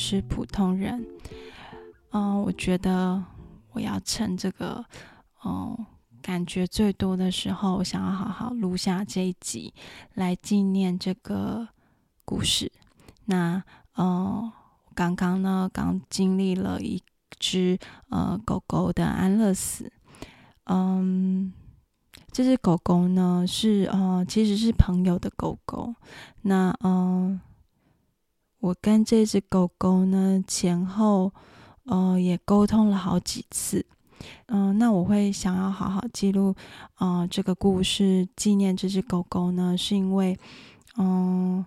是普通人，嗯、呃，我覺得我要趁這個，嗯、呃，感覺最多的時候，我想要好好錄下這一集，來紀念這個故事。那，嗯、呃，剛剛呢，剛經歷了一只呃狗狗的安樂死，嗯，這只狗狗呢是，哦、呃，其實是朋友的狗狗，那，嗯、呃。我跟這隻狗狗呢前後，呃，也溝通了好幾次，嗯、呃，那我會想要好好記錄，呃這個故事紀念這隻狗狗呢，是因為，嗯、呃，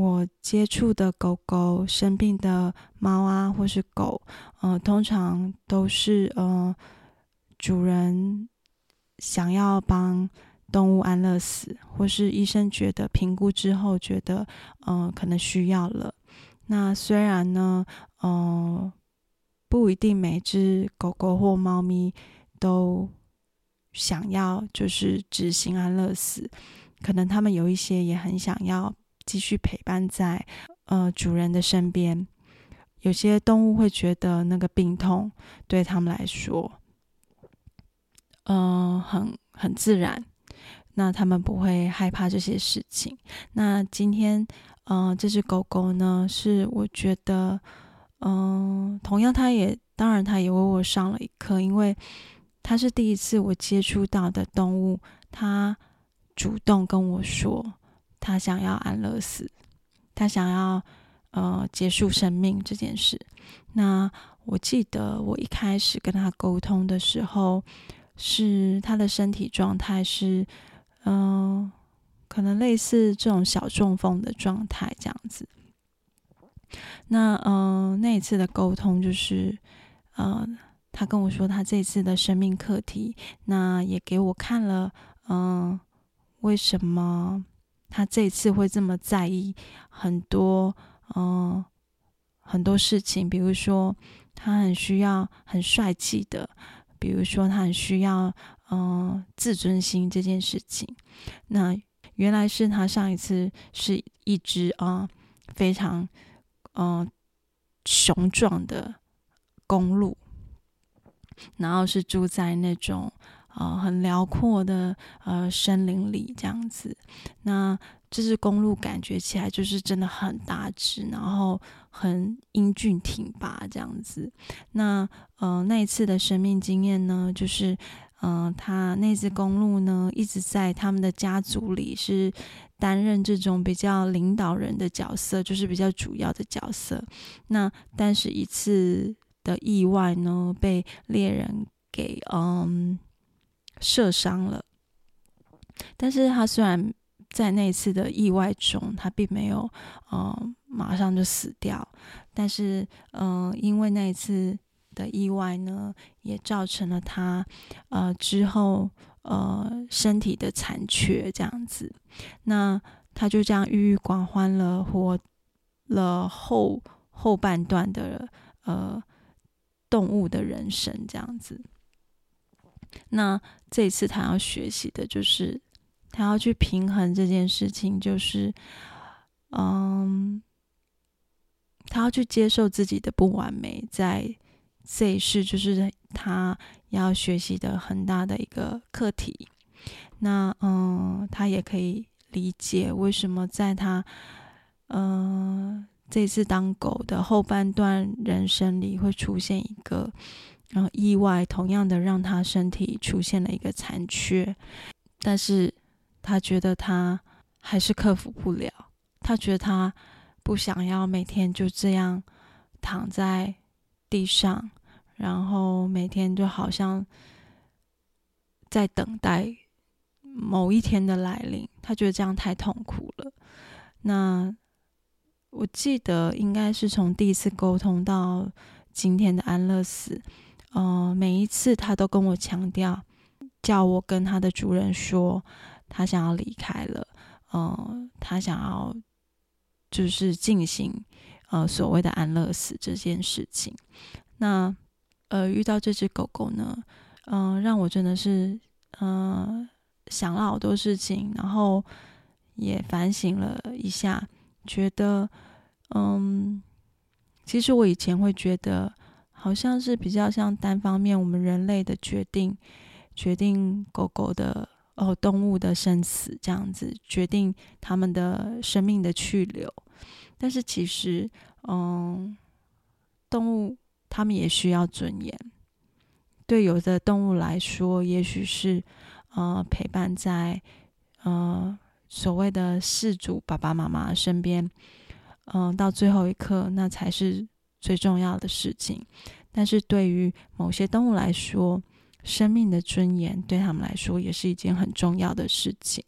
我接觸的狗狗生病的貓啊，或是狗，嗯、呃，通常都是呃，主人想要幫。動物安樂死，或是醫生覺得評估之後覺得，嗯、呃，可能需要了。那雖然呢，嗯、呃，不一定每只狗狗或貓咪都想要就是執行安樂死，可能他們有一些也很想要繼續陪伴在呃主人的身邊。有些動物會覺得那個病痛對他們來說，嗯、呃，很很自然。那他們不會害怕這些事情。那今天，嗯、呃，這只狗狗呢，是我覺得，嗯、呃，同樣它也，當然它也為我上了一課，因為它是第一次我接觸到的動物，它主動跟我說，它想要安樂死，它想要呃結束生命這件事。那我記得我一開始跟它溝通的時候，是它的身體狀態是。嗯、呃，可能類似這種小中風的狀態這樣子。那嗯、呃，那一次的溝通就是，嗯、呃，他跟我說他這次的生命課題，那也給我看了，嗯、呃，為什麼他這次會這麼在意很多，嗯、呃，很多事情，比如說他很需要很帥氣的，比如說他很需要。嗯、呃，自尊心這件事情，那原來是他上一次是一隻啊、呃，非常嗯雄、呃、壯的公鹿，然後是住在那種啊、呃、很遼闊的呃森林裡這樣子。那這隻公鹿感覺起來就是真的很大隻，然後很英俊挺拔這樣子。那、呃、那一次的生命經驗呢，就是。嗯、呃，他那隻公鹿呢，一直在他們的家族裡是擔任這種比較領導人的角色，就是比較主要的角色。那但是一次的意外呢，被獵人給嗯、呃，射傷了。但是他雖然在那一次的意外中，他並沒有嗯、呃，馬上就死掉，但是嗯、呃，因為那一次。的意外呢，也造成了他，呃，之後呃身體的殘缺這樣子。那他就這樣鬱鬱寡歡了，活了後後半段的呃動物的人生這樣子。那這一次他要學習的就是，他要去平衡這件事情，就是嗯，他要去接受自己的不完美，在。這也是就是他要學習的很大的一個課題。那嗯，他也可以理解為什麼在他嗯這一次當狗的後半段人生裡會出現一個呃、嗯、意外，同樣的讓他身體出現了一個殘缺，但是他覺得他還是克服不了，他覺得他不想要每天就這樣躺在地上。然後每天就好像在等待某一天的來臨，他覺得這樣太痛苦了。那我記得應該是從第一次溝通到今天的安樂死，呃，每一次他都跟我強調，叫我跟他的主人說，他想要離開了，嗯、呃，他想要就是進行呃所謂的安樂死這件事情。那。呃，遇到這隻狗狗呢，嗯、呃，讓我真的是嗯、呃、想了好多事情，然後也反省了一下，覺得嗯，其實我以前會覺得好像是比較像單方面我們人類的決定，決定狗狗的哦動物的生死這樣子，決定他們的生命的去留，但是其實嗯動物。他們也需要尊嚴。對有的動物來說，也許是呃陪伴在呃所謂的飼主爸爸媽媽身邊，嗯、呃，到最後一刻，那才是最重要的事情。但是對於某些動物來說，生命的尊嚴對他們來說也是一件很重要的事情。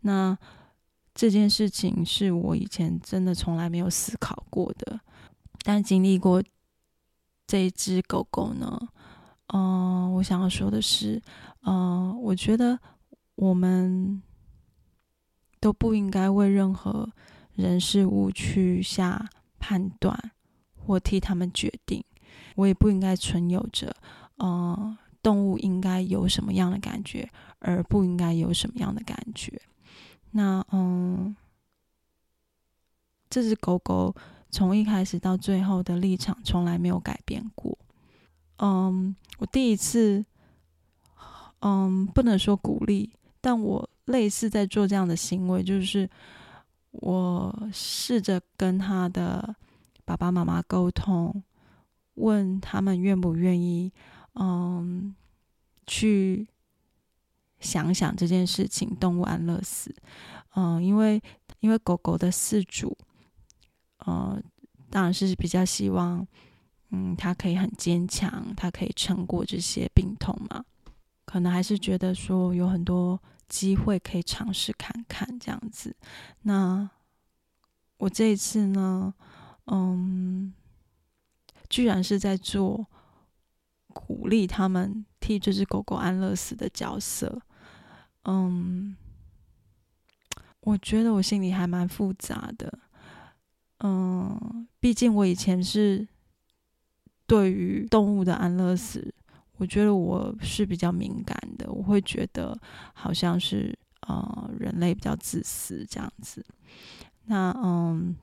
那這件事情是我以前真的從來沒有思考過的，但經歷過。這一隻狗狗呢，嗯、呃，我想要說的是，嗯、呃，我覺得我們都不應該為任何人事物去下判斷或替他們決定。我也不應該存有着，嗯、呃，動物應該有什麼樣的感覺，而不應該有什麼樣的感覺。那，嗯、呃，這隻狗狗。從一開始到最後的立場從來沒有改變過。嗯，我第一次，嗯，不能說鼓勵，但我類似在做這樣的行為，就是我試着跟他的爸爸媽媽溝通，問他們願不願意，嗯，去想想這件事情——動物安樂死。嗯，因為因為狗狗的飼主。呃，當然是比較希望，嗯，他可以很堅強，他可以撐過這些病痛嘛。可能還是覺得說有很多機會可以嘗試看看這樣子。那我這一次呢，嗯，居然是在做鼓勵他們替這隻狗狗安樂死的角色。嗯，我覺得我心裡還蠻複雜的。嗯，畢竟我以前是對於動物的安樂死，我覺得我是比較敏感的，我會覺得好像是呃人類比較自私這樣子。那嗯，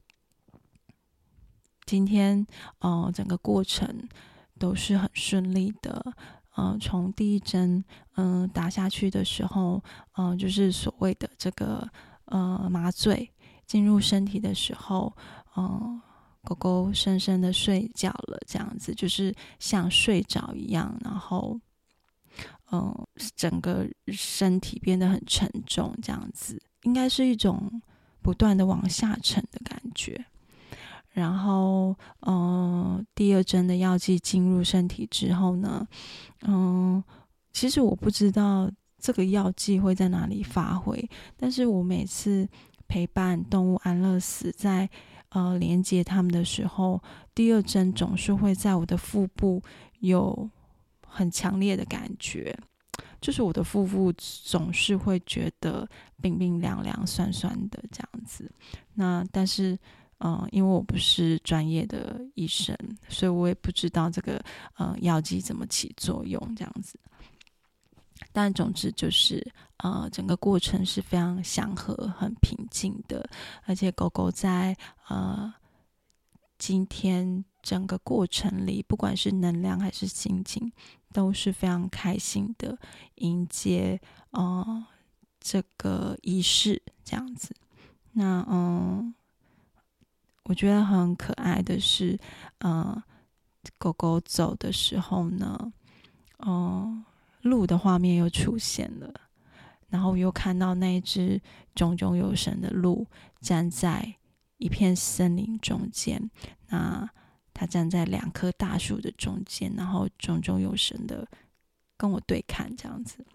今天呃整個過程都是很順利的，嗯、呃，從第一針嗯、呃、打下去的時候，嗯、呃，就是所謂的這個呃麻醉進入身體的時候。嗯、呃，狗狗深深的睡覺了，這樣子就是像睡着一樣，然後嗯、呃，整個身體變得很沉重，這樣子應該是一種不斷的往下沉的感覺。然後，嗯、呃，第二針的藥劑進入身體之後呢，嗯、呃，其實我不知道這個藥劑會在哪裡發揮，但是我每次陪伴動物安樂死在。呃，連接他們的時候，第二針總是會在我的腹部有很強烈的感覺，就是我的腹部總是會覺得冰冰涼涼、酸酸的這樣子。那但是，嗯、呃，因為我不是專業的醫生，所以我也不知道這個嗯，呃、藥劑怎麼起作用這樣子。但總之就是，呃，整個過程是非常祥和、很平靜的，而且狗狗在呃今天整個過程裡，不管是能量還是心情，都是非常開心的，迎接呃這個儀式這樣子。那嗯、呃，我覺得很可愛的是，嗯、呃，狗狗走的時候呢，哦、呃。鹿的畫面又出現了，然後又看到那一只炯炯有神的鹿站在一片森林中間，那它站在兩棵大樹的中間，然後炯炯有神的跟我對看這樣子。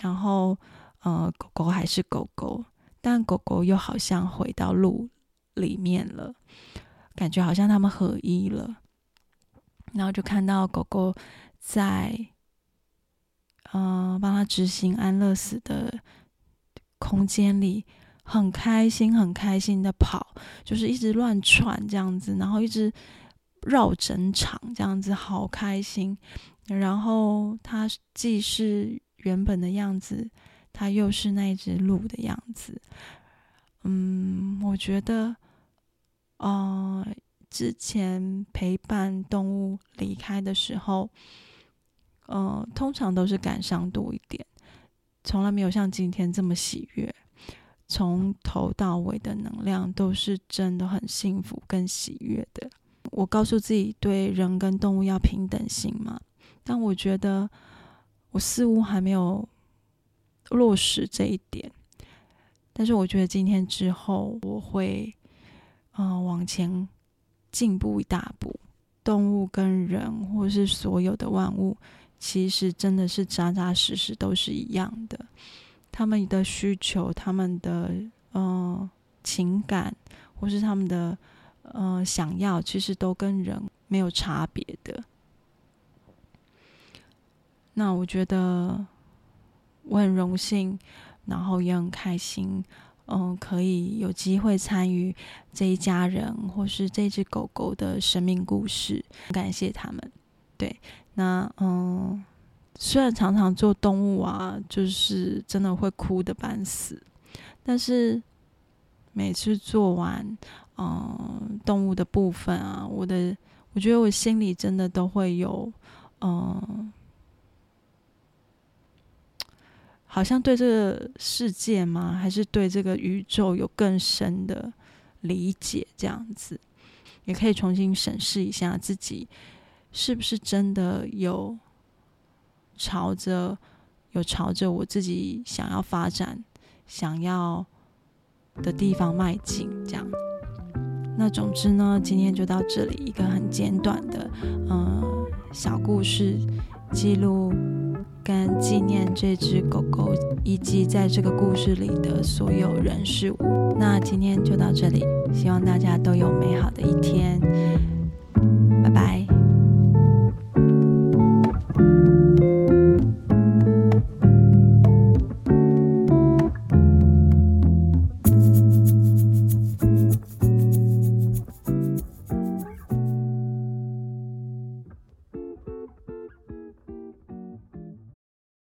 然後，呃，狗狗還是狗狗，但狗狗又好像回到鹿裡面了，感覺好像它們合一了。然後就看到狗狗在。嗯，幫、呃、他執行安樂死的空間裡，很開心，很開心的跑，就是一直亂竄這樣子，然後一直繞整場這樣子，好開心。然後它既是原本的樣子，它又是那一只鹿的樣子。嗯，我覺得，呃，之前陪伴動物離開的時候。嗯、呃，通常都是感傷多一點，從來沒有像今天這麼喜悅。從頭到尾的能量都是真的很幸福、跟喜悅的。我告訴自己對人跟動物要平等性嘛，但我覺得我似乎還沒有落實這一點。但是我覺得今天之後，我會嗯、呃、往前進步一大步。動物跟人，或是所有的萬物。其實真的是扎扎實實都是一樣的，他們的需求、他們的嗯、呃、情感，或是他們的嗯、呃、想要，其實都跟人沒有差別的。那我覺得我很榮幸，然後也很開心，嗯、呃，可以有機會參與這一家人或是這只狗狗的生命故事，感謝他們。對，那嗯，雖然常常做動物啊，就是真的會哭得半死，但是每次做完，嗯，動物的部分啊，我的我覺得我心裡真的都會有，嗯，好像對這個世界嗎，還是對這個宇宙有更深的理解，這樣子，也可以重新審視一下自己。是不是真的有朝着有朝着我自己想要發展想要的地方邁進？這樣。那總之呢，今天就到這裡，一個很簡短的嗯、呃、小故事記錄跟紀念這隻狗狗，以及在這個故事裡的所有人事物。那今天就到這裡，希望大家都有美好的一天，拜拜。